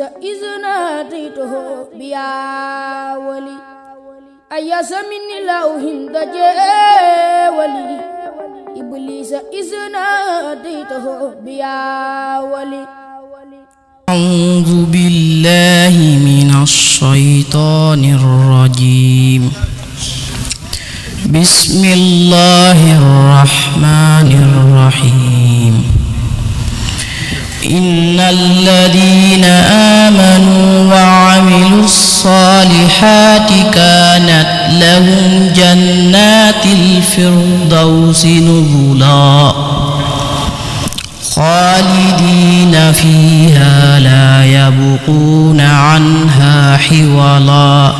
إذ ناديته بيا ولي أيا سمن لو هند ولي إبليس إذ ناديته بيا ولي أعوذ بالله من الشيطان الرجيم بسم الله الرحمن الرحيم إن الذين آمنوا وعملوا الصالحات كانت لهم جنات الفردوس نزلا خالدين فيها لا يبقون عنها حولا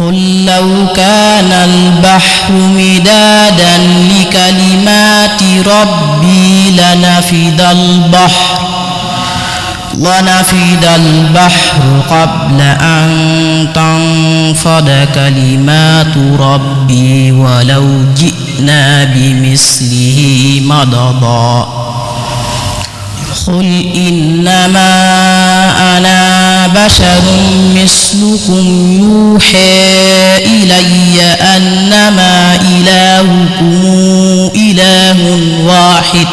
قل لو كان البحر مدادا لكلمات ربي لنفد البحر ونفد البحر قبل أن تنفد كلمات ربي ولو جئنا بمثله مددا قل إنما أنا بشر مثلكم يوحى إلي أنما إلهكم إله واحد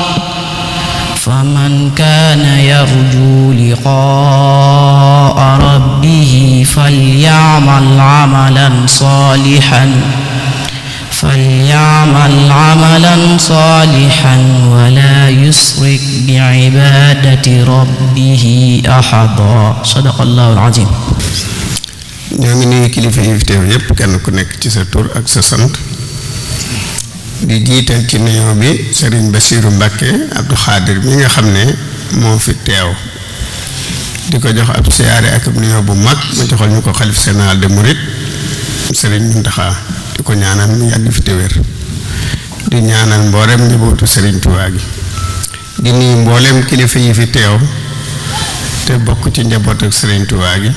فمن كان يرجو لقاء ربه فليعمل عملا صالحا فليعمل عملا صالحا ولا يشرك بعبادة ربه أحدا صدق yépp kenn ku nekk ci sa tur ak sa sant di jiital ci bi Serigne Bassirou nga xam ne moo fi teew di ko jox siyaare ak ab nuyoo bu mag ma joxal ñu ko xalif général de Mouride Serigne Mountakha di ko ñaanal mu yàgg fi te wér di ñaanal mboolem njabootu Serigne Touba gi di nuyu kilifa yi fi teew te bokk ci njabootu sëriñ tuwaa gi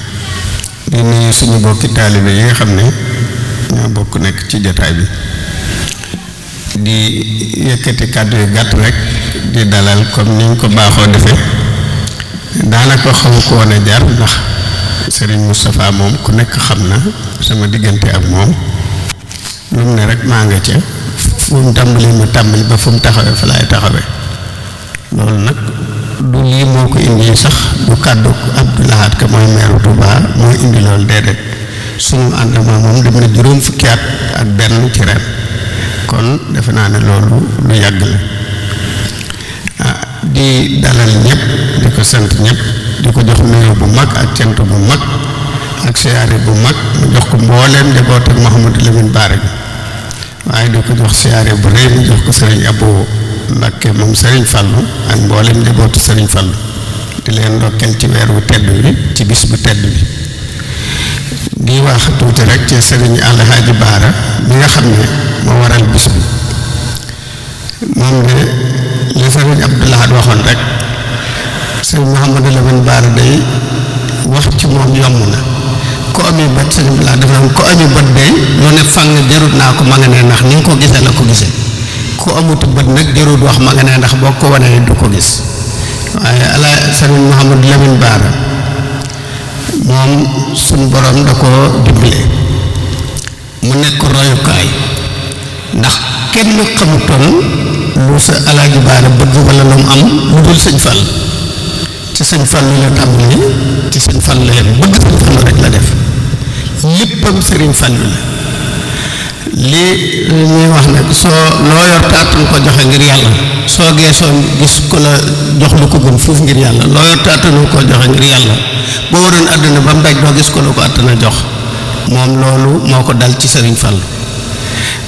di nuyu suñu bokki taalibe yi nga xam ne ñoo bokk nekk ci jataay bi di yëkkati kàddu yu gàtt rek di dalal comme niñ ko baaxoo defee daanaka xaw ko woon a jar ndax Serigne Moustapha moom ku nekk xam na sama diggante ak moom. lu mu ne rek maa nga ca fu mu tàmbali ma tàmbali ba fu mu taxawee fa laay taxawee loolu nag du lii moo ko indi sax mu kàddu Abdou Lahad Ka mooy meeru Touba moo indi loolu déedéet suñu ànd ma moom dem na juróom fukki at ak benn ci ren kon defe naa ne loolu lu yàgg la ah, di dalal ñëpp di ko sant ñëpp di ko jox nuyoo bu mag ak cant bu mag ak siyaare bu mag mu jox ko mbooleem njaboot ak Mouhamadou Lamine Bara bi waaye di ko jox siyaare bu rëy mu jox ko sëriñ Abou Mbakke moom sëriñ Fallou ak mbooleem njabootu sëriñ Fallou di leen ndokkeel ci weer wu tedd bi ci bis bu tedd bi di wax tuuti rek ci sëriñ Alhaaji Baara bi nga xam ne moo waral bis bi moom de li sëriñ Abdou waxoon rek sëriñ Mouhamadou Lamine Bara day wax ci moom yomb na ku amee bët sëriñ laa dafa am ku amee bët bee lu ne fang jarut naa ko ma nga ne ndax ni nga ko gisee la ko gisee ku amut bët nag jarut wax ma nga ne ndax boo ko wanee du ko gis waaye ala sëriñ Mouhamad Lamine Baara moom suñu borom da ko dimbale mu nekk royukaay ndax kenn xamutoon lu sa alaaji Baara bët wala lu mu am lu dul sëñ Fall ci sëñ Fall la tàmbalee ci sëñ Fall la yem bëgg sëñ Fall rek la def sëriñ Fàllu la lii ñuy wax nag soo loo yor taatan ko joxe ngir yàlla soo geesoo gis ku la jox lu ko gën fuuf ngir yàlla loo taatanu ko joxe ngir yàlla boo waroon àdduna ba mu daj doo gis ko la ko àttana jox moom loolu moo ko dal ci sëriñ fal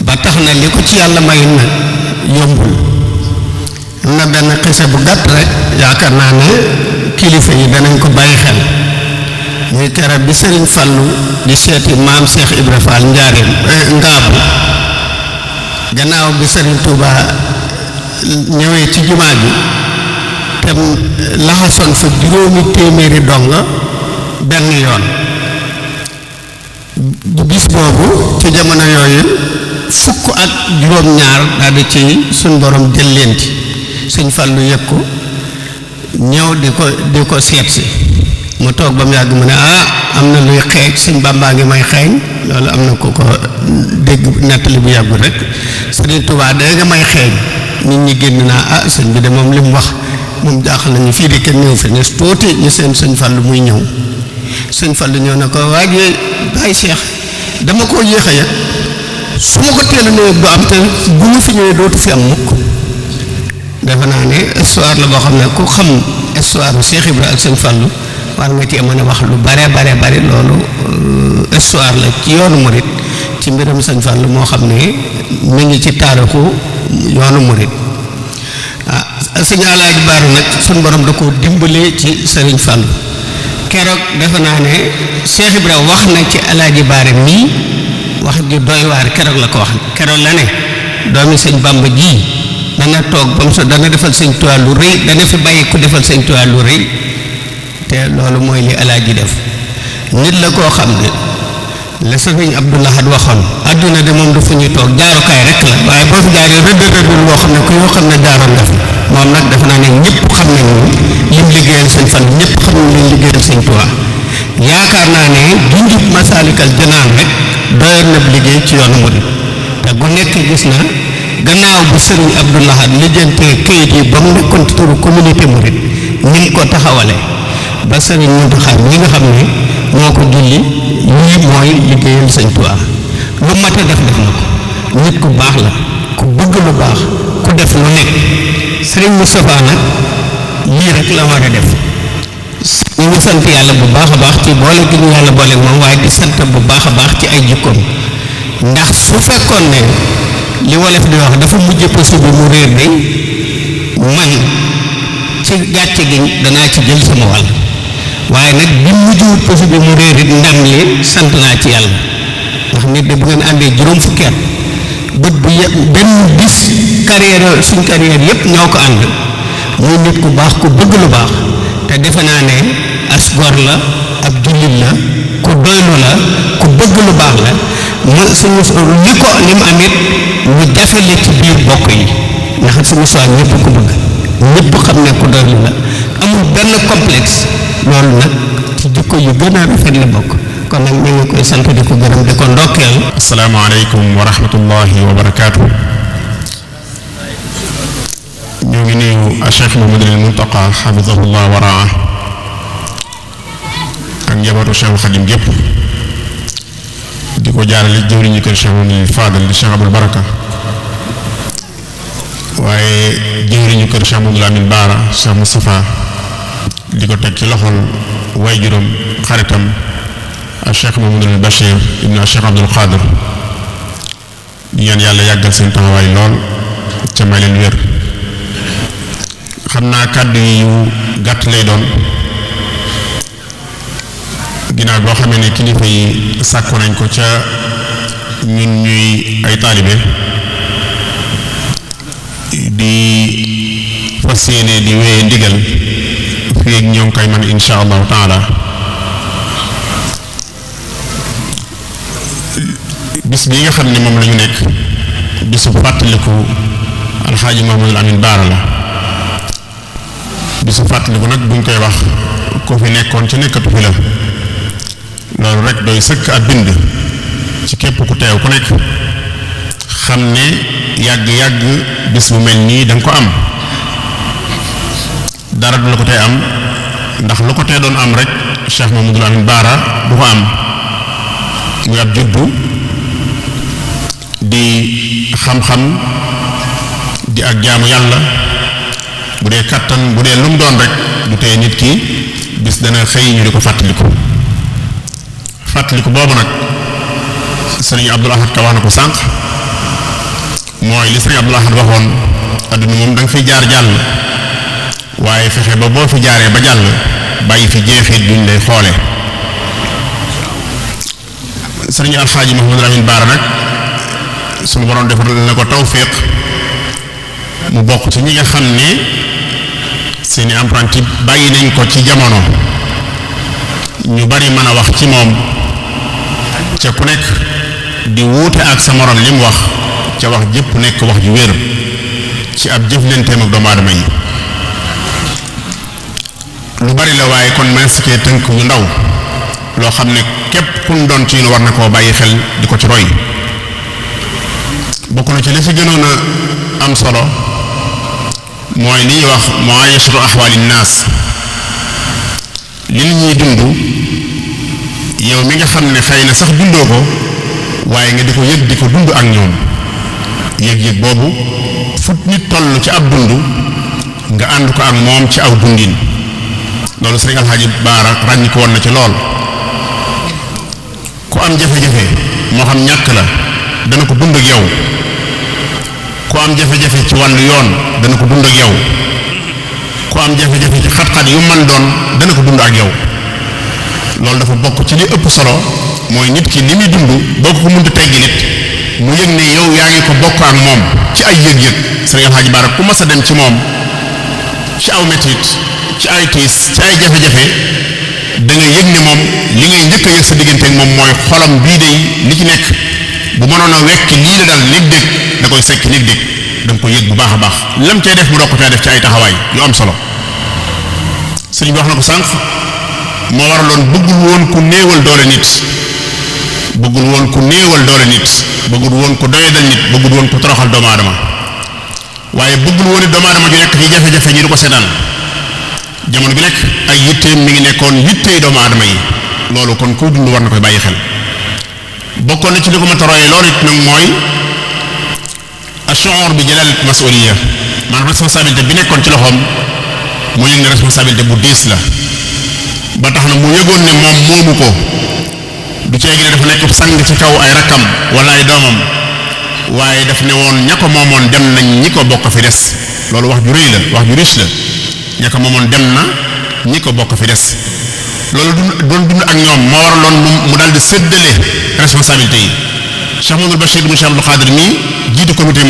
ba tax na li ko ci yàlla mayin nag yombul na benn xisa bu gàtt rek yaakaar naa ne kilifa yi danañ ko bàyyi xel muy keroog bi Serigne Fallou di seeti maam seex Ibra Fall njaareem eh, ngaabu gannaaw bi Serigne Touba ñëwee ci jumaa ji te laxasoon fa juróomi téeméeri donga benn yoon bis boobu ci jamono yooyu fukk ak juróom-ñaar daal ci suñ borom jël leenti Sëñ Fallou yëg ko ñëw di ko di ko seet si mu toog ba mu yàgg ma ne ah am na luy xeeñ sëñ bàmbaa ngi may xeeñ loolu am na ko ko dégg nettali bu yàggul rek sëriñ Tuubaa da nga may xeeñ nit ñi génn naa ah sëñ bi de moom li mu wax moom jaaxal ñu fii di kenn ñëw fi ne ñu seen sëñ Fallu muy ñëw sëñ Fallu ñëw na ko waaye bàyyi Cheikh dama koo yéex a su ma ko teel a néeg du am te bu ñu fi ñëwee dootu fi am mukk defe ne histoire la boo xam ne ku xam histoire bu Cheikh ak sëñ Fallu war nga cee mën wax lu bare bare bari loolu euh, histoire la ci yoonu murit ci mbiram sëñ Fall moo xam ne mu ngi ci taarixu yoonu murit ah sëñ Alaaji Baaru nag suñ borom da ko dimbalee ci sëriñ Fall keroog defe naa ne Cheikh Ibra wax na ci Alaaji Baare mii wax ju doy waar keroog la ko wax keroog la ne doomi sëñ Bàmba ji dana toog ba sa so dana defal sëñ Tuubaa lu rëy dana fi bàyyi ku defal sëñ Tuubaa lu rëy te loolu mooy li alaaji def nit la koo xam ne la sëriñ Abdou Lahad waxoon adduna de moom du fu ñu toog jaarukaay rek la waaye boo fi jaaree rëdd rëdd boo xam ne ku yoo xam ne jaaroon def moom nag dafa naa ne ñëpp xam nañ ni lim liggéeyal seen fan ñëpp xam nañ lim liggéeyal seen tuwaa yaakaar naa ne junjub masaalikal janaan rek doyoon na liggéey ci yoonu murid te gu nekk gis na gannaaw bu sëriñ Abdou Lahad lijjante këyit yi ba mu nekkoon turu communauté ba Sëriñ Muntaxa ñi nga xam ne moo ko julli lii mooy liggéeyam Sëriñ Tuubaa lu mate def def na ko nit ku baax la ku bëgg lu baax ku def lu nekk Sëriñ Mustafaa nag lii rek la war a def ñu ngi sant yàlla bu baax a baax ci boole gi ñu yàlla boole moom waaye bu baax a baax ci ay jikkoom ndax su fekkoon ne li wolof di wax dafa mujj pësu bi mu réer day man ci gàcce gi danaa ci jël sama wàll waaye nag bi mujjee possible mu réer it ndam li sant naa ci yàlla ndax nit de bu ngeen àndee juróom fukki bët bu yëpp benn bis carrière suñ carrière yëpp ñoo ko ànd muy nit ku baax ku bëgg lu baax defe naa ne as la ab jullit la ku doylu la ku bëgg mu suñu li ko li mu am it jafe la ci biir bokk yi ndax suñu soo ñëpp ko bëgg ñëpp xam ne ku doylu la amul benn complexe. loolu nag ci jikko yu gën a rafet la bokk kon nag ñu ngi koy sant di ko gërëm di ko ndokkeel. asalaamaaleykum wa rahmatullahi wa barakaatu. ñoo ngi di ko jaarale jëwriñu kër Cheikh Mouhamadul Fadal di Cheikh Abul Baraka waaye jëwriñu kër Cheikh Mouhamadul Amin Baara Cheikh Moustapha di ko teg ci loxol waajuram xaritam ak Cheikh Mamadou Bachir ibnu Cheikh Abdoul Khadir di ñaan yàlla yàggal seen taxawaay lool ca may leen wér xam naa kàddu yi yu gàtt lay doon ginnaaw boo xamee ne kilifa yi sàkku nañ ko ca ñun ñuy ay taalibe di fas yéene di wéye ndigal yeeg ñoo ngi koy man insha allahu taala bis bi nga xam ne moom lañu nekk bisu fàttaliku alxaaji moom Amin Baara la bisu fàttaliku nag buñ koy wax ko fi nekkoon ci nekkatu fi la loolu rek doy sëkk ak bind ci képp ku teew ku nekk xam ne yàgg-yàgg bis bu mel nii danga ko am dara du la ko tey am ndax lu ko tee doon am rek Cheikh Mamadou Lamine Baara du ko am muy ab juddu di xam-xam di ak jaamu yàlla bu dee kàttan bu dee lu mu doon rek du tee nit ki bis dana xëy ñu di ko fàttaliku fàttaliku boobu nag sëriñ Abdul Ahad ko sànq mooy li sëriñ Abdul Ahad waxoon adduna moom da nga jaar jàll waaye fexe ba boo fi jaaree ba jàll bàyyi fi jeexit duñ lay xoole sëriñ alxaaji Mahamadou Lamine Baara nag suñu borom defar na ko tawféex mu bokk ci ñi nga xam ne seeni apprenti bàyyi nañ ko ci jamono ñu bari mën a wax ci moom ca ku nekk di wuute ak sa morom li mu wax ca wax jëpp nekk wax ju wér ci ab jëflanteem ak doomu aadama yi lu bari la waaye kon man tënk yu ndaw loo xam ne képp kun doon ci war na koo bàyyi xel di ko ci roy bokk ci li si gënoon a am solo mooy li ñuy wax muayasatu ahwaali naas li nit ñuy dund yow mi nga xam ne xëy na sax dundoo ko waaye nga di ko yëg di ko dund ak ñoom yëg-yëg boobu fu nit toll ci ab dund nga ànd ko ak moom ci aw dundin loolu sëriñ Alxaaji Baara ràññi ko woon na ci lool ku am jafe-jafe moo xam ñàkk la dana ko dund ak yow ku am ci wàllu yoon dana ko dund ak yow ku am jafe-jafe ci xat-xat yu man doon dana ko dund ak yow loolu dafa bokk ci li ëpp solo mooy nit ki li muy dund boo ko ko mënta teggi nit mu yëg ne yow yaa ngi ko bokk ak moom ci ay yëg-yëg sëriñ Alxaaji Baara ku mas dem ci moom ci aw metit ci ay tiis ci ay jafe-jafe da yëg ne moom li ngay njëkk a yëg sa diggante ak moom mooy xolam bii day li ci nekk bu mënoon a wekk lii la dal nit dégg da koy sekk nit dégg da nga yëg bu baax a baax lam cay def mu doog ko caa def ci ay taxawaay yu am solo sëñ bi wax na ko sànq moo waraloon bëggul woon ku néewal doole nit bëggul woon ku néewal doole nit bëggul woon ku doyadal nit bëggul woon ku toroxal doomu aadama waaye bëggul woon it doomu aadama ju nekk ci jafe-jafe ñi du ko seetaan jamono bi nekk ay yitteem mi ngi nekkoon yittey doomu aadama yi loolu kon ko dund war na koy bàyyi xel bokkoon na ci li ma tarooyee loolu it mooy ashuur bi jalaalat masuuliya maanaam responsabilité bi nekkoon ci loxoom mu yëg ne responsabilité bu diis la ba tax na mu yëgoon ne moom moomu ko du ceegi ne dafa nekk sang ci kaw ay rakkam wala ay doomam waaye daf ne woon ña ko moomoon dem nañ ñi ko bokk fi des loolu wax ju rëy la wax ju riche la ña ko moomoon dem na ñi ko bokk fi des loolu du dund ak ñoom moo waraloon mu daal di séddale responsabilité yi Cheikh Mamadou Bachir mu Cheikh Abdou Khadir mii jiitu comité ko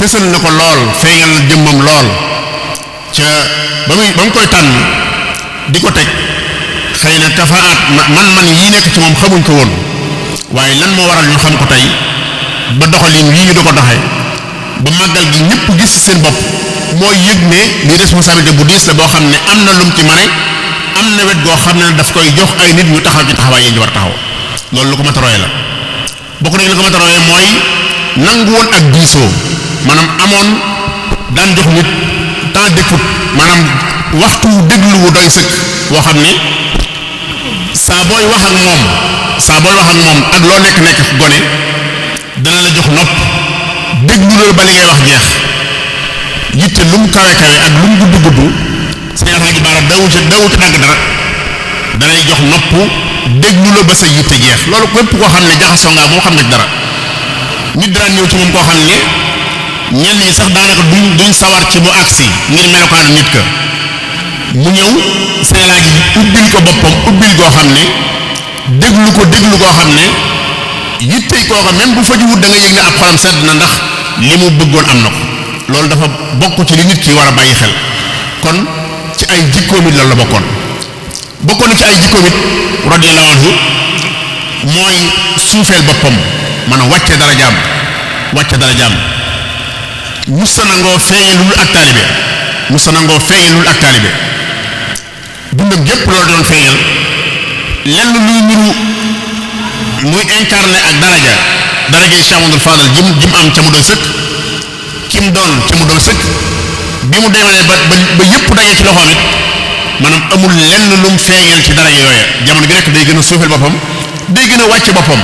lool feeñal na lool ca ba muy ba mu koy tànn di ko teg xëy na tafaat man-man yii nekk ci moom xamuñ ko woon waaye lan moo waral ñu xam ko tey ba doxalin yi ñu di ko doxee ba màggal gi ñëpp gis seen bopp mooy yëg ne li responsabilité bu diis la boo xam ne am na lum ci mane am na wet goo xam ne daf koy jox ay nit ñu taxaw ci taxawaay yi ñu war taxaw loolu lu ko mat a la boo nañ lu ko mat a roye mooy nangu woon ak diisoo maanaam amoon daan jox nit temps d'écoute maanaam waxtu déglu wu doy sëkk woo xam ne saa booy wax ak moom saa booy wax ak moom ak loo nekk nekk gone dana la jox nopp déglu loolu ba li ngay wax jeex yitte lu mu kawe kawe ak lu mu gudd gudd suñu alxaaji baara dawu ca dawu ca dagg dara danay jox nopp déglu la ba sa yitte jeex loolu képp koo xam ne jaxasoo ngaa moo xam ne dara nit daan ñëw ci koo xam ne ñenn ñi sax daanaka duñ sawar ci mu agsi ngir melokaanu nit ka mu ñëw yi alxaaji ubbil ko boppam ubbil koo xam ne déglu ko déglu koo xam ne yitte kooka même bu fajuwut da nga yëg ne ab xolam sedd na ndax li mu bëggoon am na ko loolu dafa bokk ci li nit ki war a bàyyi xel kon ci ay jikkoom it la bokkoon bokkoon na ci ay jikkoom it radiyallahu anhu mooy suufeel boppam maanaam wàcce darajaam wàcce darajaam musta nangoo feeñe lul ak taalibe musta nangoo feeñe ak taalibe dundam gépp loolu doon feeñal lenn luy niru muy incarné ak daraja daraja yi Cheikh Amadou jim jim am ca mu doon sëkk ki mu doon te mu doon sëkk bi mu demee ba ba yëpp daje ci loxoom it maanaam amul lenn lu mu feeñal ci dara yooya jamono gi day gën a suufeel boppam day gën a wàcc boppam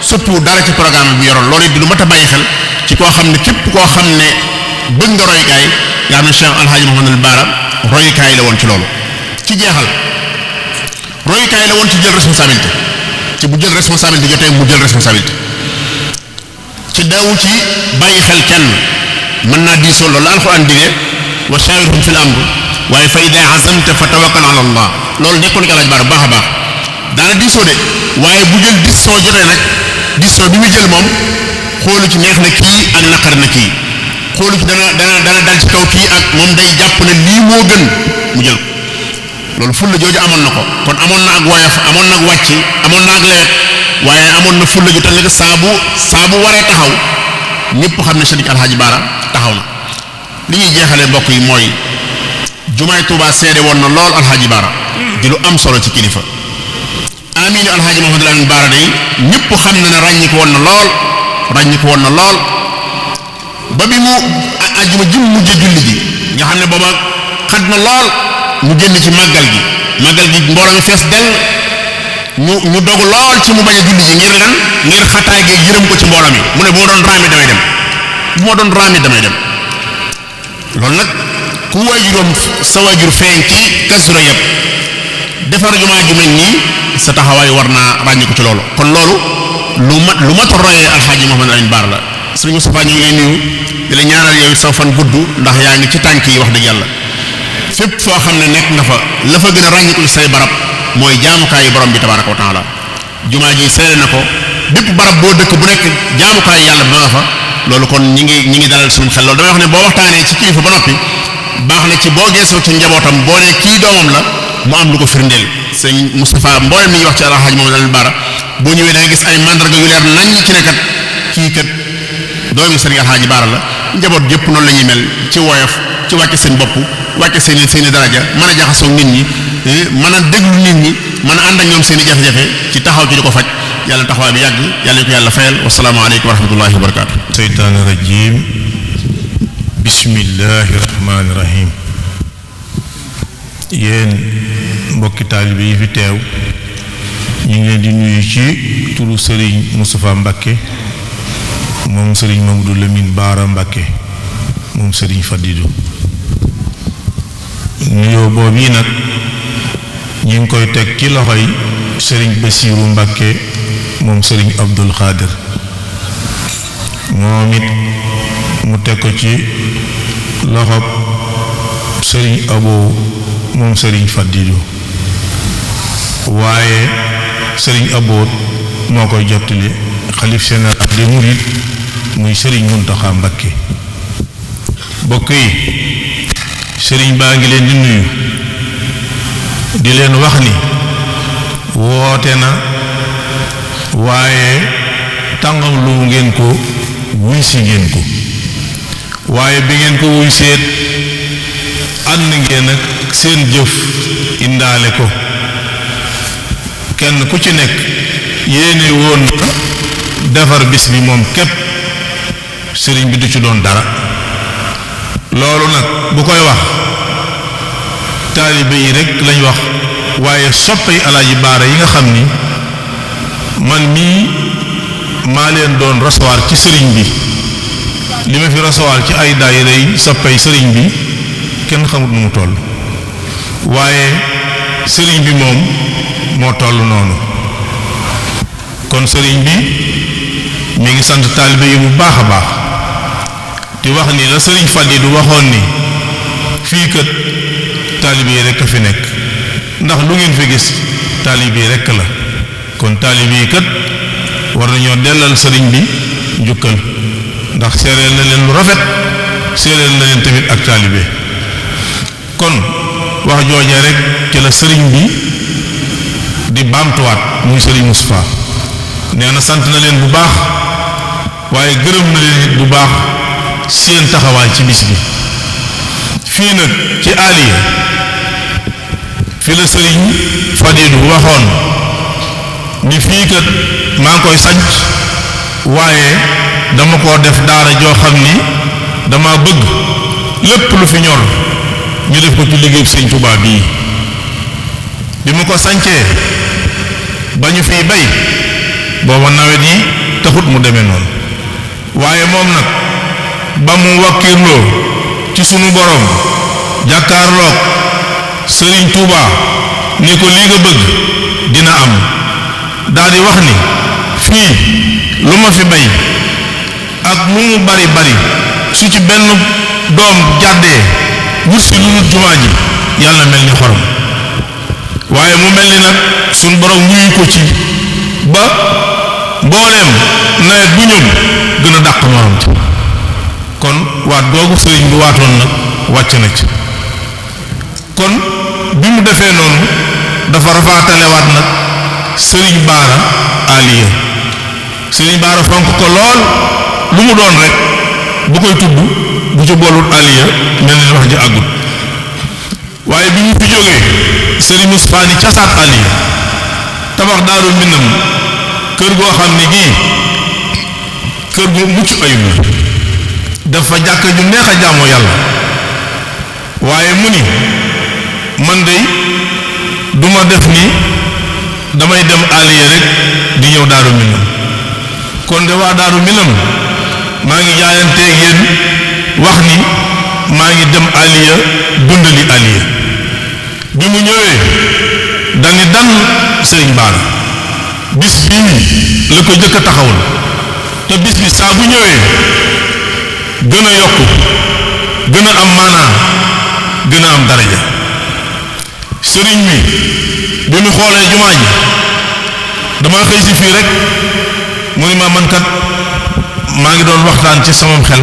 surtout dara ci programme bi yoroon loolu it di lu mat a bàyyi xel ci koo xam ne képp koo xam ne bëgg nga royukaay nga xam ne Cheikh Alhaji Mouhamadul Baara royukaay la woon ci loolu ci jeexal royukaay la woon ci jël responsabilité ci bu jël nga jotee mu jël responsabilité ci daawu ci bàyyi xel kenn mën naa diisoo loolu alxuraan digle wa shaawirhum fil amr waaye fa idaa azamta fa tawakkal ala allah loolu nekkoon ko alaaj baar bu baax a baax daana diisoo de waaye bu jël diisoo jotee nag diisoo bi muy jël moom xoolu ci neex na kii ak na kii xoolu ci dana dana dal ci kaw kii ak moom day jàpp ne lii moo gën mu jël loolu fulla jooju amoon na ko kon amoon na ak woyof amoon na wàcc amoon na ak waaye amoon na fulla ju te nekk saa bu saa bu waree taxaw ñëpp xam ne Sëriñ Alxaaji Baara taxaw na li ñuy jeexalee mbokk yi mooy jumaay Touba seede woon na lool alxaaji Baara di lu am solo ci kilifa aminu alxaaji Mahamadul Amin Baara day ñëpp xam na ne ràññi na lool ràññi woon na lool ba bi mu ajjuma jim mujj julli ji nga xam ne booba xat na lool mu génn ci màggal gi màggal gi mbooloo mi fees dell ñu ñu dogu lool ci mu bañ a julli ji ngir lan ngir xataay gi yërëm ko ci mbooloo mi mu ne boo doon raami damay dem bu ma doon raami damay dem loolu nag ku waajuram sa waajur feeñ ci Kazu Rajab defar jumaa ju mel nii sa taxawaay war naa ràññiku ci loolu kon loolu lu ma lu ma royee alxaaji Mouhamadou Lamine Bara la sëñ Moustapha ñu ngi lay nuyu di la ñaanal yow sa fan gudd ndax yaa ngi ci tànk yi wax dëgg yàlla fépp foo xam ne nekk nga fa la fa gën a ràññiku say barab mooy jaamukaayu borom bi tabaaraka wa taala jumaa ji seere na ko bépp barab boo dëkk bu nekk jaamukaayu yàlla ba loolu kon ñi ngi ñi ngi dalal suñu xel loolu damay wax ne boo waxtaanee ci kilifa ba noppi baax na ci boo geesoo ci njabootam boo ne kii doomam la mu am lu ko firndeel sëñ Moustapha mboolem mi ngi wax ci alxaaj moom dal baara boo ñëwee da gis ay mandarga yu leer nañ ci ne kat kii kat doomu sëriñ alxaaji baara la njaboot gépp noonu la ñuy mel ci woyof ci wàcce seen bopp wàcce seen i seen i daraja mën a jaxasoog nit ñi eh, mën a déglu nit ñi man a ànd ñoom seen i jafe-jafe ci taxaw ci di ko faj yàlla taxawaay bi yàgg yàlla ñu ko yàlla fayal wasalaamaaleykum wa rahmatullahi wa barakaatu الشيطان الرجيم بسم الله الرحمن الرحيم mbokki taalibe yi fi teew ñu ngi leen di nuyu ci turu sëriñ Moustapha Mbacké moom sëriñ Mamadou Lamine Baara Mbacké moom sëriñ Fadilou nuyoo boobu yi nag ñu ngi koy teg ci loxoy Serigne Bassirou Mbacké moom Serigne Abdoul Khadir moom it mu teg ko ci loxob sëriñ aboo moom sëriñ faddilu waaye sëriñ aboot moo koy jottali xalif général des mourides muy sëriñ muntaxa mbakke bokk yi sëriñ baa ngi leen di nuyu di leen wax ni woote na waaye tàngam lu ngeen ko wuy si ngéen ko waaye bi ngeen ko wuy seet ànd ngeen ak seen jëf indaale ko kenn ku ci nekk yéene woon defar bis bi moom képp sëriñ bi du ci doon dara loolu nag bu koy wax taalibe yi rekk lañ wax waaye soppe alaaji baara yi nga xam ni man mii maa leen doon recevoir ci sëriñ bi li ma fi recevoir ci ay daayira yi sëriñ bi kenn xamut nu mu toll waaye sëriñ bi moom moo toll noonu kon sëriñ bi mu ngi sant taalibe yi bu baax a baax di wax ni la sëriñ yi du waxoon ni fii kat taalibe yi rekk a fi nekk ndax lu ngeen fi gis taalibe yi rekk la kon taalibe yi kat war nañoo dellal sëriñ bi njukkal ndax seereel na leen lu rafet seereel la leen tamit ak taalibe kon wax joojee rekk ci la sëriñ bi di baamtuwaat muy sëriñ Moustapha nee na sant na leen bu baax waaye gërëm na leen bu baax seen taxawaay ci bis bi fii nag ci aliya fi la sëriñ Fadilu waxoon ni fii kat maa ngi koy sanc waaye dama ko def daara joo xam ni dama bëgg lépp lu fi ñor ñu def ko ci liggéey sëñ Tuubaa bii bi ma ko sancee ba ñu fiy bay booba nawet yi taxut mu demee noonu waaye moom nag ba mu wakkirloo ci sunu borom jàkkaarlook sëriñ Tuubaa ni ko lii nga bëgg dina am daldi di wax ni fii lu ma fi bay ak lu mu bari bari su ci benn doom jàddee wut si lu dul jumaa ji yàlla mel ni xorom waaye mu mel ni nag sun borom wuyu ko ci ba mbooleem nawet bu ñëw gën a dàq morom ci kon waat googu sëriñ bi waatoon nag wàcc na ci kon bi mu defee noonu dafa rafaatalewaat na sëriñ baara aliya sëriñ baara fonk ko lool lu mu doon rekk bu koy tudd bu ci boolul aliya mel ni wax ji àggut waaye bi ñu fi jógee sëriñ Mustafaa casaat aliya tabax daaru mbindam kër goo xam ne gii kër gu mucc ayib la dafa jàkk ju neex a jaamoo yàlla waaye mu ni man dey duma def nii damay dem aliye rek di ñëw daaru minam kon de waa daaru minam maa ngi jaayanteeg yéen wax ni maa ngi dem aliya dundali aliya bi mu ñëwee dani dan sëriñ baara bis bii la ko jëkk a taxawul te bis bi saa bu ñëwee gën a yokk gën a am maanaa gën a am daraja sëriñ mi bi ñu xoolee jumaa ji damaa xëy si fii rek mu ni ma man maa ngi doon waxtaan ci samam xel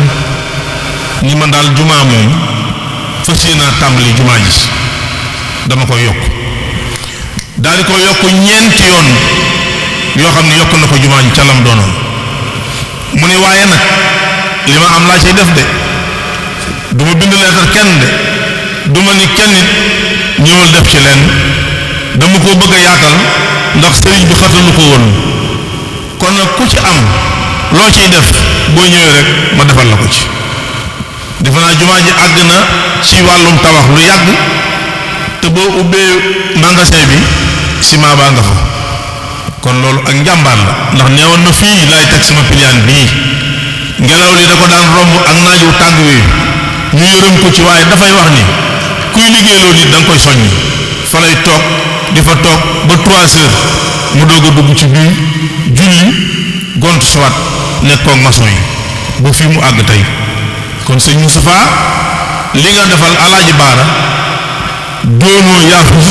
ni man daal jumaa moom fas naa tàmbali jumaa ji dama koy yokk daal di ko yokk ñeenti yoon yoo xam ne yokk na ko jumaa ji ca lam doonoon mu ne waaye nag li ma am laa cay def de du ma bind leetar kenn de du ni kenn it ñëwal def ci lenn dama ko bëgg a yaatal ndax sëriñ bi xatalu ko woon kon nag ku ci am loo ciy def boo ñëwee rek ma defal la ko ci defe naa jumaa ji àgg na ci wàllum tabax lu yàgg te boo ubbee magasin bi ciment baa nga fa kon loolu ak njàmbaar la ndax woon na fii laay teg sama piliyaan bii ngelaw li da ko daan romb ak naaju tàng wi ñu yërëm ko ci waaye dafay wax ni kuy liggéey nit da danga koy soññ fa lay toog di fa toog ba trois heures mu doog a dugg ci julli gont soit nekkoog maçon yi ba fii mu àgg tey kon sëñ Moustapha li nga defal alaaji baara doonoo yaafus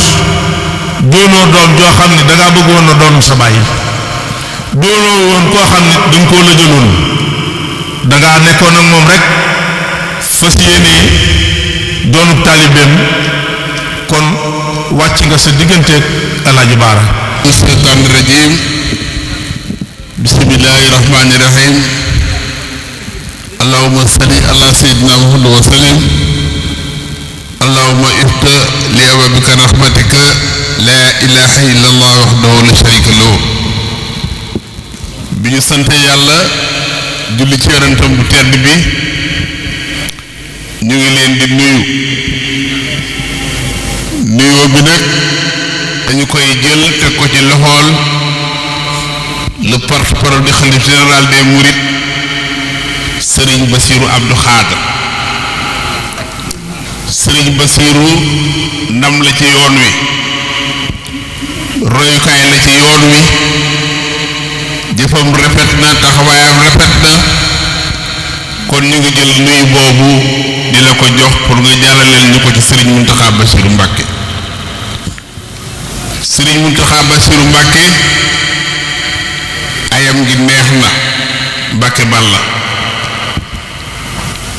doonoo doom joo xam ne da ngaa bëggoon a doon sa bàyyi doonoo woon koo xam ne dañ koo la jëloon nekkoon ak moom rek fas yéenee doonub taalibeem kon wàcc nga sa digganteeg Alaaji Baara seytaan rajim bismillaahi rahmaani rahim allahuma salli ala sayyidina muhammad wa sallim allahuma ifta li laa ilaha illa allah wahdahu la bi ñu sante yàlla julli ci yonentam bu tedd bi ñu ngi leen di nuyu nuyoo bi nag dañu koy jël teg ko ci loxool le porte-parole du khalife général des mourides sëriñ Bassirou Abdou sëriñ Bassirou ndam la ci yoon wi royukaay la ci yoon wi jëfam rafet na taxawaayam rafet na kon ñu ngi jël nuyu boobu di la ko jox pour nga jàllaleel ñu ko ci sëriñ Mountakha sëriñ Muntaxa Basiru Mbàkke ayam gi neex na Mbàkke Balla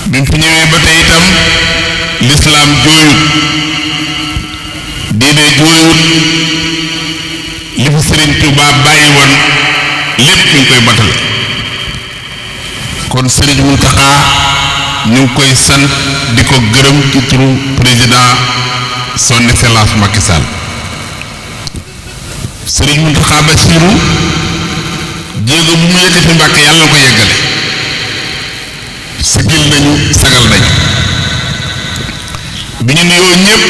bi mu fi ñëwee ba tey itam lislaam jooyut diine jooyut li fi sëriñ Tuubaa bàyyi woon lépp ñu koy batale kon sëriñ Muntaxa ñu ngi koy sant di ko gërëm ci turu président son excellence Macky Sall sëriñ Muntaxa Basiru jéego bu mu yëkkati Mbàkke yàlla na ko yeggale sigil nañu sagal nañu bi ñu nuyoo ñëpp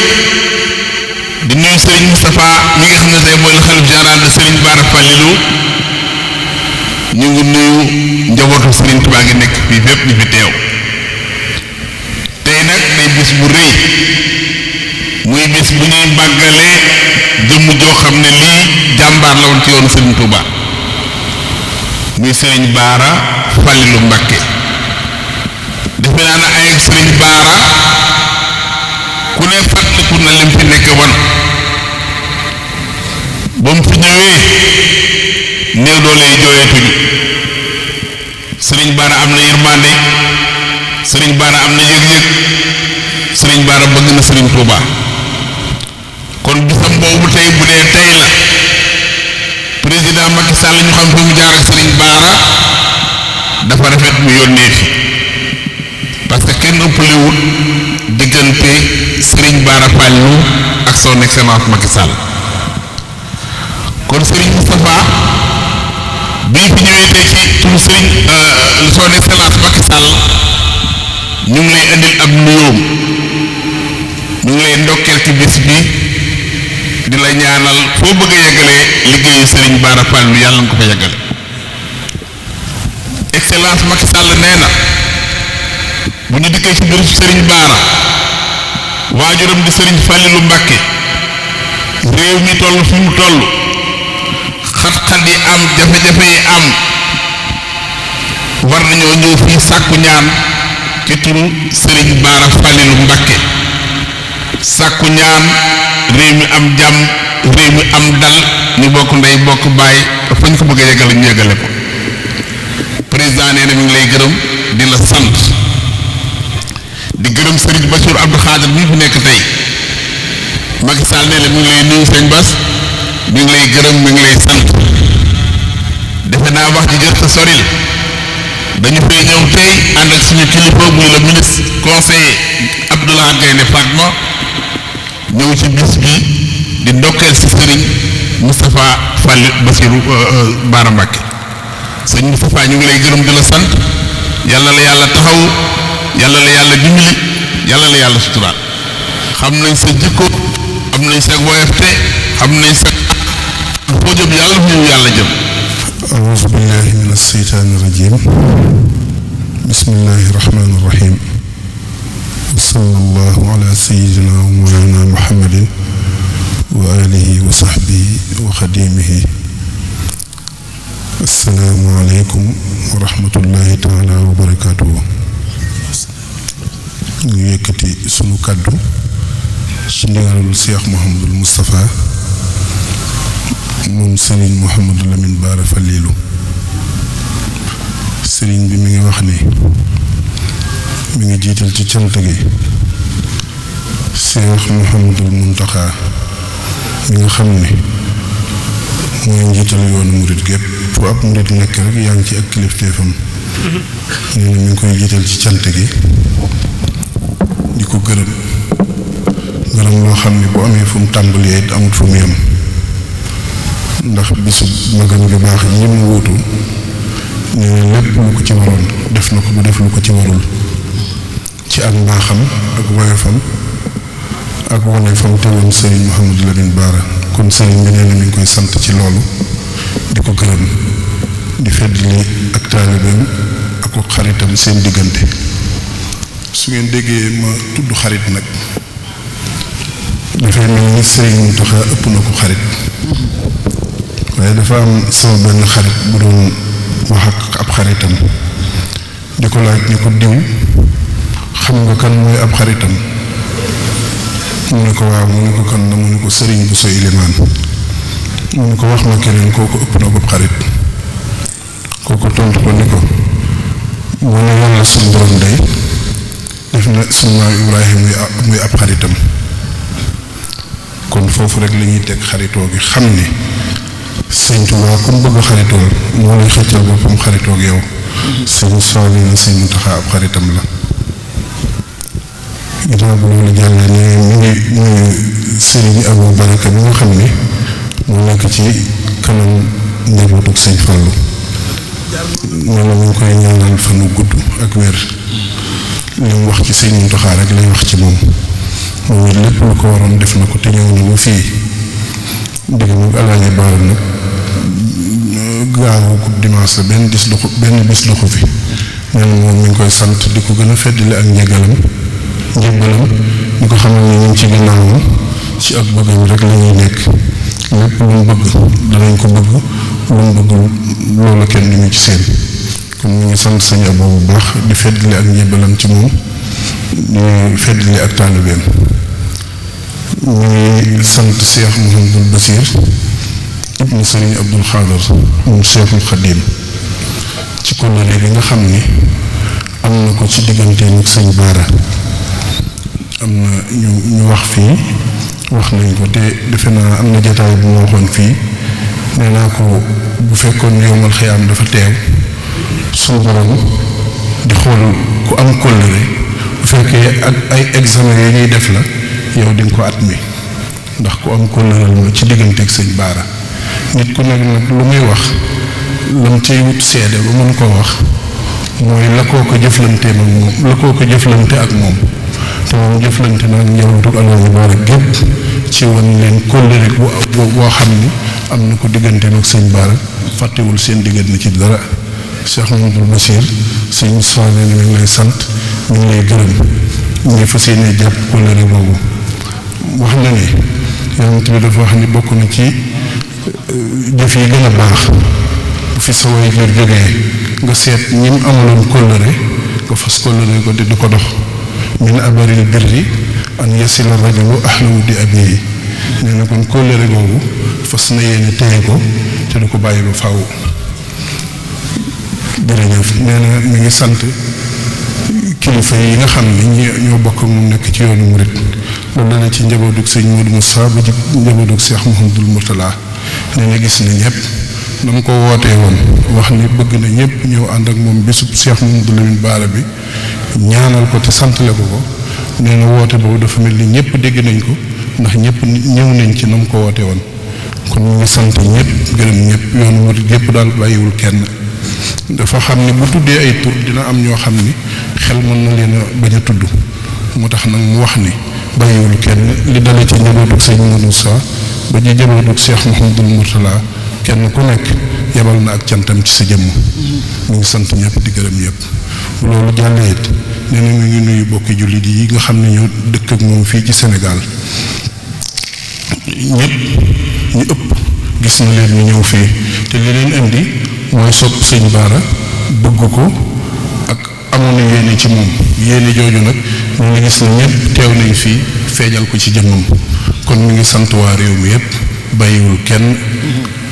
di nuyu sëriñ Moustapha mi nga xam ne tey mooy xalif général de sëriñ Bara Fallilou ñu ngi nuyu njabootu sëriñ Tuubaa ngi nekk fii fépp ñu fi teew tey nag day bis bu rëy muy bis bu ñuy màggalee jëmm joo xam ne lii jàmbaar la woon ci yoonu Serigne Touba muy Serigne Baara Fallilou Mbakke defe naa ne ay Serigne Baara ku ne fàttaliku na lim fi nekke woon ba mu fi ñëwee néew doole yi jooyeetuñu Serigne Baara am na yërmande Serigne Baara am na yëg-yëg Serigne Baara bëgg na Serigne Touba. kon gisam boobu tey bu dee tey la président Macky Sall ñu xam fi mu jaar ak Serigne Bara dafa rafet mu yónnee fi parce que kenn ëppalewut diggante Serigne Bara Fallou ak son excellence Macky Sall kon Serigne Moustapha bi fi ñëwee tey ci turu Serigne euh, son excellence Macky ñu ngi lay indil ab nuyoom ñu ngi lay ndokkeel ci bés bi. di la ñaanal foo bëgg a yeggalee liggéeyu Serigne Bara Fall lu yàlla nga ko fa yeggale excellence Macky Sall nee na bu ñu dikkee ci mbirum Serigne Bara waajuram di Serigne Fallilou Mbacké réew mi toll fi mu toll xat-xat yi am jafe-jafe yi am war nañoo ñëw fii sàkku ñaan ci turu Serigne Bara Fallilou Mbacké sàkku ñaan réew mi am jàmm réew mi am dal ñu bokk ndey bokk bàyyi fa ñu ko bëgg a yeggale ñu yeggale ko président nee na mi ngi lay gërëm di la sant di gërëm Serigne Bassirou Abdou Khadir mi fi nekk tey Macky Sall nee na mi ngi lay nuyu sëñ Bass mi ngi lay gërëm mu ngi lay sant defe naa wax ji jot a soril dañu fee ñëw tey ànd suñu kilifa muy le ministre conseiller Abdoulaye Gaynde Fatma ñëw ci bis bi di ndokkeel si sëriñ Moustapha Fall Basirou euh, euh, Baara Mbacke sëriñ Moustapha ñu ngi lay gërëm di la sant yàlla la yàlla taxaw yàlla la yàlla dimbali yàlla la yàlla suturaal xam nañ sa jikko am nañ sa woyofte xam nañ sa foo jëm yàlla fu ñu yàlla jëm أعوذ بالله من الشيطان الرجيم بسم الله الرحمن الرحيم sallallahu ala sayyidina wa mawlana muhammadin wa alihi wa sahbihi wa xadimihi assalaamu aleykum wa rahmatullahi wa barakaatuhu ñu yëkkati sunu kàddu ci ndigalul Cheikh Mouhamadul Moustapha moom Serigne Mouhamadou Lamine Bara Falilou Serigne bi mu ngi wax ni mu ngi jiital ci cant gi Seex Muhammadul Muntaxa mi nga xam ne mooy njiital yoonu murit gépp fu ab murit nekk rek yaa ngi ci ak kilifteefam mm-hmm. nee na mi ngi koy jiital ci cant gi di ko gërëm gërëm loo xam ne bu amee fu mu tàmbalee it amut fu mu yem ndax bisu magam ju baax ñi mu wuutu nee na lu ko ci waroon def na ko bu def lu ko ci warul ci ak mbaaxam ak woyofam ak wone fam teewoon sëriñ Mouhamadou Lamine Bara kon sëriñ bi nee koy sant ci loolu di ko gërëm di feddli ak taalibeem ak ko xaritam seen diggante su ngeen déggee ma tudd xarit nag dafay mel ni sëriñ Mountakha ëpp na ko xarit waaye dafa am sama benn xarit bu doon wax ak ab xaritam di ko laaj ni ko diw xam nga kan mooy ab xaritam mu ne ko waaw mu ne ko kan la mu ne ko sëriñ bu so ilimaan mu ne ko wax ma keneen kooku ëpp na ko xarit kooku tontu ko ni ko mu ne yàlla suñu borom day def na suñu maam Ibrahima muy ab xaritam kon foofu rek la ñuy teg xaritoo gi xam ne sëñ Tuubaa ku mu bëgg xaritoo moo lay xëccal boppam xaritoo ak yow mm-hmm. sëñ Sow yi na sëñ Muntaxa ab xaritam la ginnaaw bu loolu jàllee ñu ngi ñu ngi sëriñ Abou Baraka bi nga xam ne moo nekk ci kanam njabootug sëñ Fallou noonu la ñu koy ñaanal fanu gudd ak wér li wax ci sëñ Muntaxa rek lay wax ci moom moom it lépp lu ko mu fi ngi koy sant di ko gën a feddali ak njëgalam njëggalam ñu ko xamal ne ñun ci ginnaawam ci ak bëggam rek la ñuy nekk lépp lu bëgg danañ ko bëgg loolu kenn du ñu ci seen kon mu ngi sant sañ abo bu baax di feddali ak njëggalam ci moom di feddali ak taalibeem ñu ngi sant Cheikh Mouhamadul Basir ibnu Sëriñ Abdul Xaadar moom Cheikhul Xadim ci kóllëre bi nga xam ni am na ko ci digganteem ak Baara am na ñu ñu wax fii wax nañ ko te defe naa am na jataay bu ma waxoon fii nee naa ko bu fekkoon yowmal xiyaam dafa teew suñu borom di xool ku am kóllëre bu fekkee ak ay examen yu ñuy def la yow di ko at mi ndax ku am kóllëre ci digganteeg sëñ baara nit ku nekk lu muy wax lam cay wut seede ba mën koo wax mooy la koo ko jëflante moom la koo ko jëflante ak moom te moom jëflante na ak njabootu Alaaji Maalik gépp ci woon boo xam ni am na ko diggante ak sëñ Baara fàttewul seen diggante ci dara Cheikh Mamadou Bachir sëñ Moussa ngi lay sant mi ngi gërëm ñu ngi fas yéene jàpp kóllëre boobu wax na ne yonent bi dafa wax ni bokku na ci euh, jëf yi gën a baax bu fi sa way jur jógee nga seet ñi mu amaloon kóllëre nga fas kóllëre ko di du ko dox min abaril birri an yasila rajulu ahlahu di abihi nee na kon kóllëre googu fas na yéene téye ko te du ko bàyyi ba faaw jërëjëf nee na mi ngi sant kilifa yi nga xam ni ñoo bokk mu nekk ci yoonu murit loolu dana ci njabootug sëñ Modou Moussa ba ci njabootug Cheikh nee na gis na ñëpp na ko wootee woon wax ni bëgg na ñëpp ñëw ànd ak moom bésub Cheikh Mouhamadul Lamine Baara bi ñaanal ko te santale ko ko nee na woote boobu dafa mel ni ñëpp dégg nañ ko ndax ñëpp ñëw nañ ci na mu ko woote woon kon ñu ngi sant ñëpp gërëm ñëpp mu daal bàyyiwul kenn dafa xam ne bu tuddee ay tur dina am ñoo xam ni xel mën na leen a tudd moo tax nag mu wax ni bàyyiwul kenn li dale ci njabootug sëñ Moussa ba ci njabootug Cheikh Mouhamadul Mourtala kenn ku nekk yabal na ak cantam ci sa jëmm mu ngi sant ñëpp di gërëm ñëpp loolu jàllee it nee na ngi nuyu bokki jullit yi nga xam ne ñoo dëkk ak moom fii ci Sénégal ñëpp ñu ëpp gis na leen ñu ñëw fii te li leen indi mooy sopp sëñ Baara bëgg ko ak amoon na yéene ci moom yéene jooju nag ñu ngi gis na ñëpp teew nañ fii feejal ko ci jëmmam kon mu ngi sant waa réew mi yëpp bàyyiwul kenn.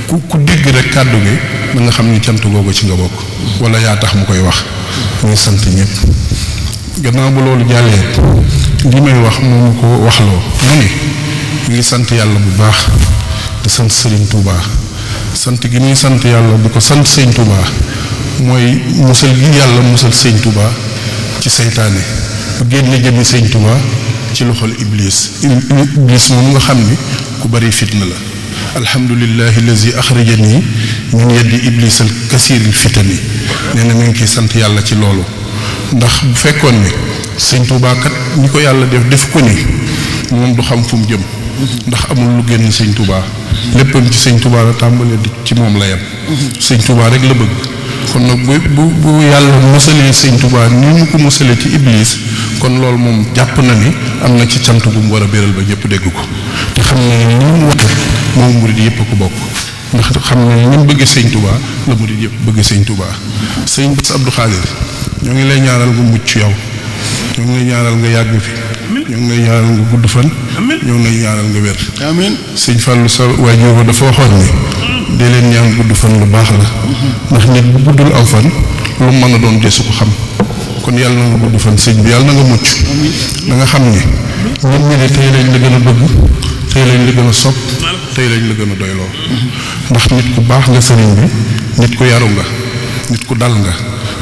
ku ku dégg rek kàddu gi da nga xam ni cant googu ci nga bokk wala yaa tax mu koy wax ñu sant ñëpp gannaaw ba loolu jàllee li may wax moom ko waxloo mu ni ñu ngi sant yàlla bu baax di sant Serigne Touba sant gi ñuy sant yàlla bu ko sant sëñ tubaa mooy musal gi yàlla musal sëñ Touba ci seytaane bu génne jëmm sëñ Touba ci loxol iblis iblis moom nga xam ni ku bari fitna la alhamdulilahi lazi axrajani min yadi iblis al kasiril fitani nee na mi ngi ciy sant yàlla ci loolu ndax bu fekkoon ni sëñ Tuubaa kat ñi ko yàlla def def ko ni moom du xam fu mu jëm ndax amul lu génn sëñ Tuubaa léppam ci sëñ Tuubaa la tàmbalee di ci moom la yem sëñ Tuubaa rek la bëgg kon nag bu bu bu yàlla mosalee sëñ Tuubaa ni ñu ko mosalee ci iblis kon loolu moom jàpp na ni am na ci cant bu mu war a béral ba ñëpp dégg ko te xam ne ni mu moom murid yëpp a ko bokk ndax xam ne ni mu bëggee sëñ Touba la murid yëpp bëgg sëñ Touba sëñ Bass Abdou Khadir ñoo ngi lay ñaanal nga mucc yow ñoo ngi lay ñaanal nga yàgg fi ñoo ngi lay ñaanal nga gudd fan ñoo ngi lay ñaanal nga wér amiin sëñ Fallou sa waajur ba dafa waxoon ni dee leen ñaan gudd fan lu baax la ndax nit bu guddul aw fan lu mën a doon desu ko xam kon yàlla na nga gudd fan sëñ bi yàlla na nga mucc da nga xam ne ñun ñu ne tey lañ la gën a bëgg tey lañ la gën a sopp tey lañ la gën a doyloo ndax nit ku baax nga sëriñ bi nit ku yaru nga nit ku dal nga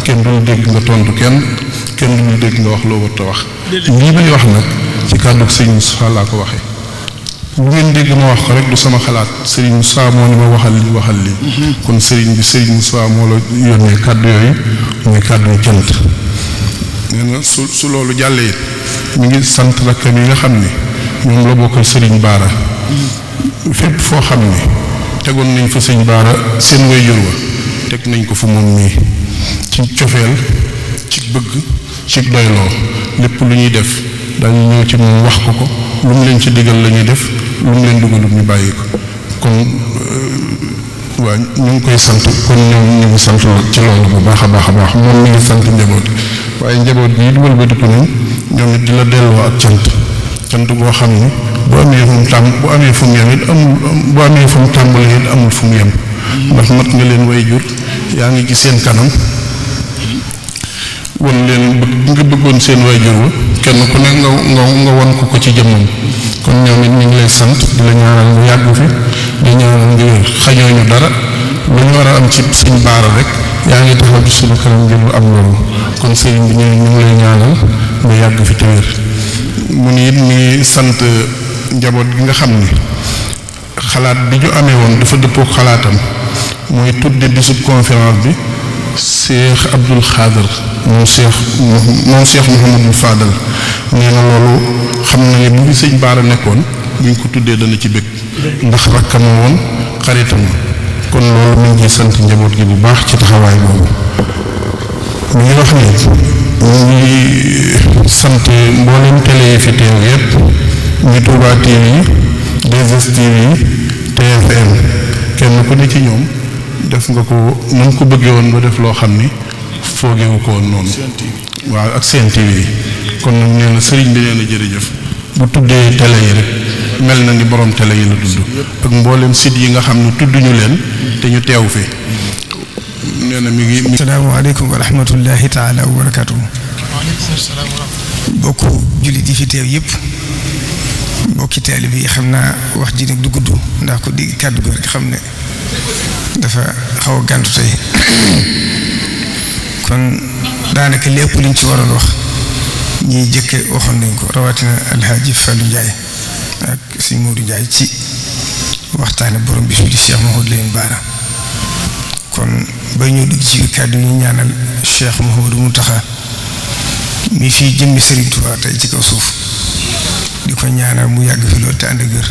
kenn duñu dégg nga tontu kenn kenn duñu dégg nga wax loo warta wax lii may wax na ci kàddu sëriñ ko waxee ma wax sama xalaat sëriñ Moussa moo ni ma waxal mhm. kon sëriñ bi sëriñ moo la yónnee kàddu yooyu muy kàddu jant nee na su su loolu jàllee mi ngi sant rakkam yi nga xam ni ñoom la bokkal sëriñ Baara mhm. fépp foo xam ne tegoon nañ fa sëñ baara seen way jur wa teg nañ ko fu moom mii ci cofeel ci bëgg ci doyloo lépp lu ñuy def dañu ñëw ci moom wax ko ko lu mu leen ci digal la ñuy def lu mu leen dugalul ñu bàyyi ko kon euh, waa ñu ngi koy sant kon ñoom ñu ngi sant ci loolu bu baax a baax a baax moom mi sant njaboot waaye njaboot bi dugal ba dikku nañ ñoom it di la delloo ak cant cant boo xam ni bu amee fu mu tàmm bu amee fu mu yem it amul bu amee fu mu tàmbalee it amul fu mu yem ndax mat nga leen way jur yaa ngi ci seen kanam won leen nga bëggoon seen way jur wa kenn ku ne nga nga won ko ko ci jëmmam kon ñoom it ñu ngi lay sant di la ñaanal nga yàgg fi di ñaanal ñu dara lu war a am ci suñ baara rek yaa ngi taxaw ci suñu kanam ngir am loolu kon sëriñ bi ñu it mi sant njaboot gi nga xam ni xalaat bi ñu amee woon dafa dëppoo xalaatam mooy tudde bisub conférence bi seex abdul xaadar moom seex moom seex muhammadul faadal nee na loolu xam na ne bu fi sëñ nekkoon bu ngi ko tuddee dana ci bëgg ndax rakkama woon xaritam kon loolu mu ngi sant njaboot gi bu baax ci taxawaay boobu mu ngi wax ni ñu ngi sant mboolem télé yi fi teew yépp ñu Touba TV 2STV TFM kenn ku ne ci ñoom def nga ko mën ko bëggee woon ba def loo xam ni foogewu ko woon noonu waaw ak seen TV kon nag nee na sëriñ bi nee na jërëjëf bu tuddee télé yi rek mel na ni borom télé yi la tudd ak mboolem site yi nga xam ne tudd ñu leen te ñu teew fi nee na mi ngi. salaamaaleykum wa rahmatullahi taala wa wa rahmatulah. bokk jullit yi fi teew yëpp. mbokki taalibe bi xam naa wax ji nag du gudd ndax ko dégg kàddu gi rek xam ne dafa xaw a gàntu tey kon daanaka lépp liñ ci waroon wax ñiy jëkke waxoon nañ ko rawatina alxaaji Fallou Ndiaye ak si Modou Ndiaye ci waxtaane borom bis bi di Cheikh Mouhamadou Lamine ci kàddu yi ñaanal Cheikh Mouhamadou Mountakha mi fii jëmmi Serigne Touba tey ci kaw suuf di ko ñaanal mu yàgg fi loolu te ànd gër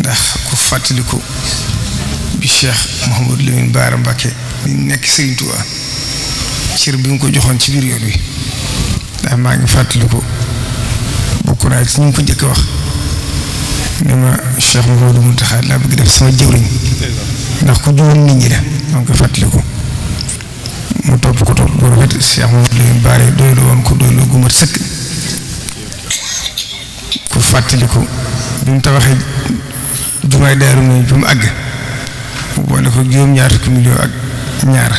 ndax ku fàttaliku bi Cheikh Mouhamadou Lamine Bara Mbacké di nekk Serigne Touba cër bi nga ko joxoon ci biir yoon wi ndax maa ngi fàttaliku bokk naa ci ñu ngi ko njëkk wax ne ma Cheikh Mouhamadou Mountakha laa bëgg def sama jëwriñ ndax ku jubal nit ñi la maa ngi fàttaliku mu topp ko topp bu rafet Cheikh Mouhamadou Lamine Bara doy woon ko doy la sëkk fàttaliku bi mu tabaxee jumaay daaru muy bi mu àgg boole ko juróom ak ñaar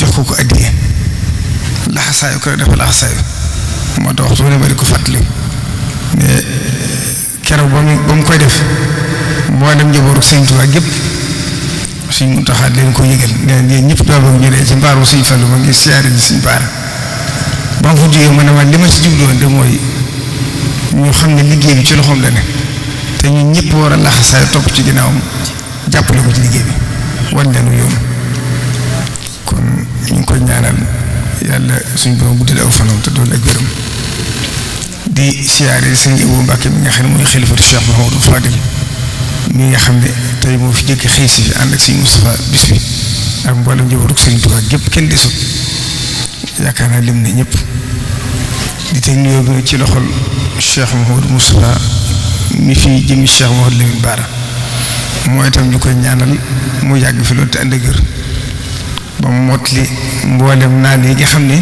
jox ko ko addiye laxasaayu ko dafa laxasaayu moo tax waxtu ne ko fàttali mais ba mu koy def moo dem njabootu Sëñ Tuubaa gépp suñ mu taxaat leen ko yëgal neen yéen ñëpp doom boobu ñu dee ci mbaaru ba mu fa jógee ma ne ma li ma ci jublu woon de mooy ñu xam ne liggéey bi ci loxoom la ne te ñun ñëpp war a laxasaay topp ci jàpp jàppale ko ci liggéey bi wan leen yoon kon ñu ngi koy ñaanal yàlla suñ borom guddal aw fanam te doon ak gërëm di siyaare sëñ Ibou Mbacke mi nga xam ne mooy xilifatu Cheikh Mahamadou Fadil mi nga xam ne tey moo fi jëkk xëy si fi ak sëñ Moustapha bis bi ak mboolem njabootu sëñ Tuubaa yépp kenn desut yaakaar naa lim ne ñëpp. di teg bi ci loxol Cheikh Mouhamadou Moustapha mi fii jëmi Cheikh Mouhamadou Lamine Bara mooy itam ñu koy ñaanal mu yàgg fi loolu te ànd gër ba mu mottali mboolem naan yi nga xam ne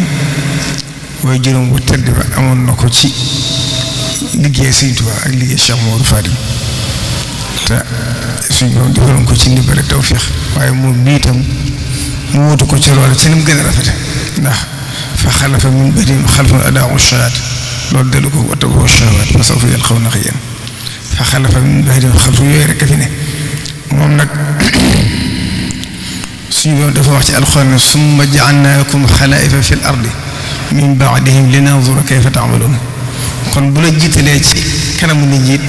waaye juróom bu tedd ba amoon na ko ci liggéey Sëñ Tuubaa ak liggéey Cheikh Mouhamadou Fadil te suñ moom defaloon ko ci ndimbal ak tawféex waaye moom mii itam mu wutu ko ci loolu ci mu gën a rafete ndax fa xalafa min badihim xalfun adaa'u salaat loolu dellu ko wattabaau shahawaat fa sawfa yalqawna xayyan fa xalafa min badihim xalfun yooyu rek fi ne moom nag suñu doon dafa wax ci alxuraan ne summa ja'alnaakum xalaa'ifa fil ardi min ba'dihim linanzura kayfa ta'maluun kon bu la jiitalee ci kanamu ni jiit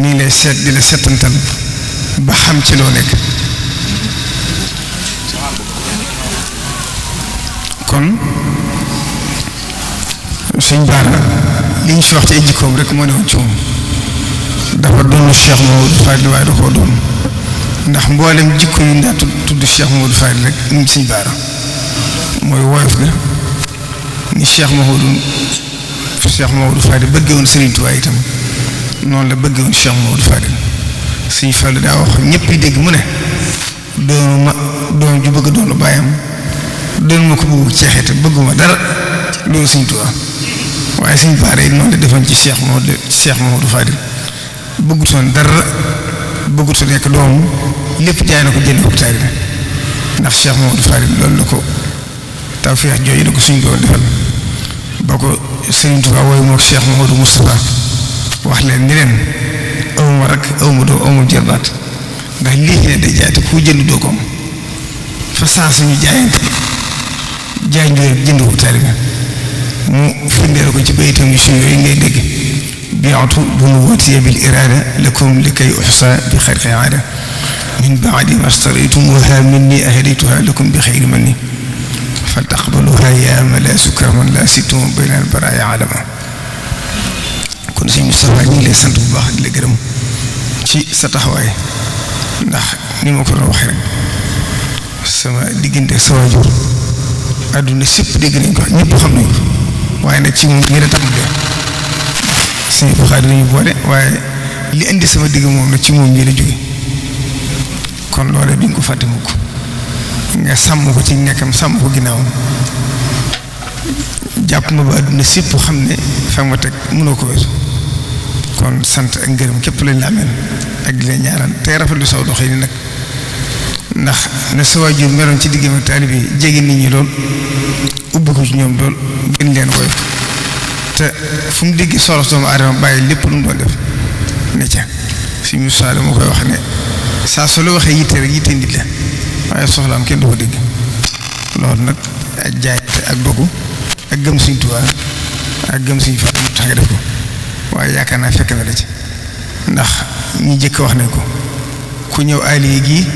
nii lay seet di la seetantal ba xam ci loo nekk kon sëñ Bara li ñu fi wax ci ay jikkoom rek moo newoon ci waaye da koo doon ndax mboolem jikko yi ndaa tudd Cheikh Mamadou Fadil rek ñu sëñ Bara mooy woyof ga ni Cheikh Mamadou Cheikh Mamadou bëggee woon Serigne Touba itam noonu la bëggee woon Cheikh Mamadou Fadil sëñ Fallou daa wax ñëpp dégg mu ne doonu ma doon ju bëgg doonu bàyyam doonu ma ko bëggu ceexete bëgguma dara loolu sëñ Touba waaye sëñ Bara it noonu la defoon ci Cheikh Mamadou Cheikh Mamadou Fadil bëggutoon dara bëggutu nekk doomu lépp jaay na ko jënd ko taalibe ndax Cheikh Mamadou ko tawfeex jooju la ko suñ doon defal ba ko sëñ wax leen ni leen awma rakk awma doom awma jërbaat ndax lii ne day jaay te ku jënd doo ko am suñu jaayante jaay njureel jënd ko mu firndeel ko ci bayitam yu si yooyu ngay dégg biatu bunu watiya bil irada lakum likay uxsa bi xarqi aada min baadi mastaraytumuha bi xayri manni fa taqbaluha ya malasu karaman la situma bayna al baraya alama kon sëñ ñu ngi lay sant bu baax di la gërëm ci sa taxawaay ndax ni ma ko doon waxee rek sama diggante sa waajur àdduna sépp dégg nañ ko ñëpp xam nañ waaye nag ci moom gën a tàmbali sëñ bi xaar ñu boole waaye li indi sama digg moom nag ci moom ngeen a jóge kon loolee duñ ko fàtte mukk nga sàmm ko ci nekkam sàmm ko ginnaaw jàpp ma ba àdduna sépp xam ne fa ma teg mënoo ko wér kon sant ak ngërëm képp lañ la amee ak di la ñaanal tey lu saw doxee ni nag. ndax na sa waajur meroon ci diggante taalibe yi jege nit ñi lool ubbi ko ci ñoom lool gën leen woyof te fu mu dégg solo doomu aadama bàyyi lépp lu mu doon def ne ca suñu misaal moo koy wax ne saa solo waxee yitte rek yitte nit la waaye soxlaam kenn du ko dégg loolu nag ak jaayante ak dogu ak gëm suñ Tuubaa ak gëm suñ Faal mu tax nga def ko waaye yaakaar naa fekk na la ci ndax ñu jëkk wax ne ko ku ñëw aali gii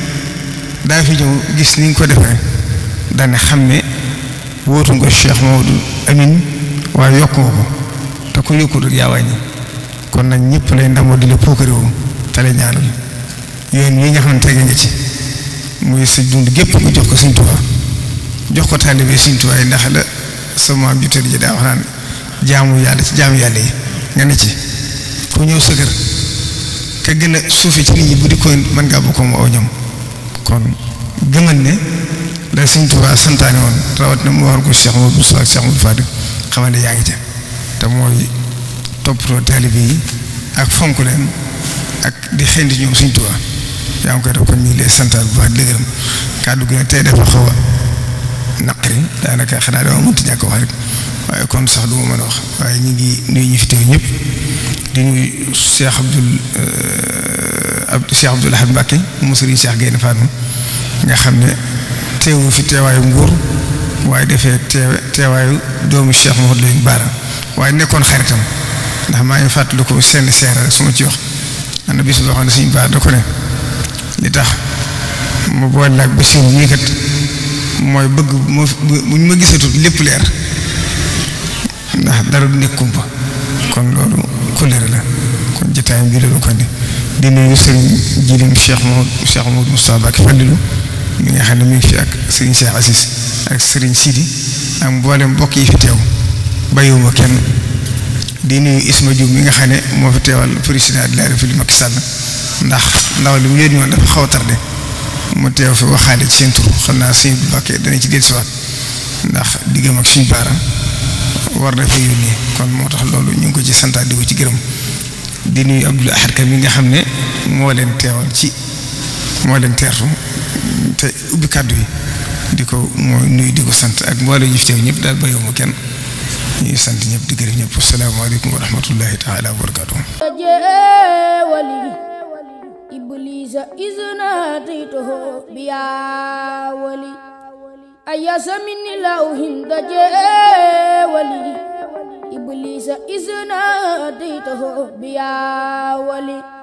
daa fi ñëw gis ni ñu ko defe dana xam ne wóotu nga Cheikh Maodo Amin waaye yokk nga ko te ku yokkul yaa wàññi kon nag ñëpp lay ndamoo di la puukarewu te la ñaanal yoon yi nga xam ne tege nga ci muy sa dund gépp nga jox ko Sëñ jox ko taalibe Sëñ Tuubaa ndax la sama ju tëdd ji daa wax naan jaamu yàlla ci jaamu yàlla yi nga ne ci ku ñëw sa kër ka gën a suufe ci nit ñi bu di koy mën ngaa bokk aw ñoom kon gëmal ne la Sëñ Tuubaa santaane woon rawatina mu waxal ko Cheikh Mouhamadou Moustapha ak Cheikh Mouhamadou Fadil xamal ne yaa ngi ca te mooy toppatoo taalibe yi di xendi ñoom yaa ngi koy def kon ñu lay santaal bu baax di kàddu gi nag tey dafa xaw a naqari daanaka xanaa dama mënti ñàkk wax rek waaye kon sax du ma mën a wax waaye ñu ngi nuyu ñu fi di nuyu Cheikh Abdoul. Euh, Cheikh Abdoul Ahad Mbacké mu sëriñ Cheikh Gaynde Fatma nga xam ne teewu fi teewaayu nguur waaye defee teewaayu doomu Cheikh Mouhamadou Lamine Bara waaye nekkoon xaritam ndax maa ngi fàttali ko seen seera su ci wax am na bis boo xam ne suñu baar ko ne li tax mu boole ak bés yi kat mooy bëgg mu ma gisatul lépp leer ndax dara du nekk kumpa kon loolu kulere la kon jotaay bi loolu kon di nuyu Serigne Jilim Cheikh Mahmoud Cheikh Mahmoud Moustapha Mbacké Fallilou mi nga xam ne mi ngi fi ak Serigne Cheikh Assis ak sëriñ Sidi ak mboolem mbokk yi fi teew bàyyiwuma kenn di nuyu Isma Diouf mi nga xam ne moo fi teewal président de la République Macky Sall ndax ndaw li mu leen ñoon dafa xaw a tardé mu teew fi waxaale ci seen tur xam naa suñu Mbacké dana ci dellusiwaat ndax diggam ak suñu baaraam war na fa yónnee kon moo tax loolu ñu ngi ko ci santaat di ci gërëm. di nuyu Abdul Ahad mi nga xam ne moo leen teewal ci moo leen teertu te ubbi kàddu yi di ko moo nuyu di ko sant ak mbooloo ñu fi teew daal bàyyi kenn ñuy sant ñëpp di gërëm ñëpp asalaamaaleykum wa rahmatullahi taala wa barakaatu إبليس إذ ناديته بيا ولي أياس إبليس إذ ناديته بيا ولي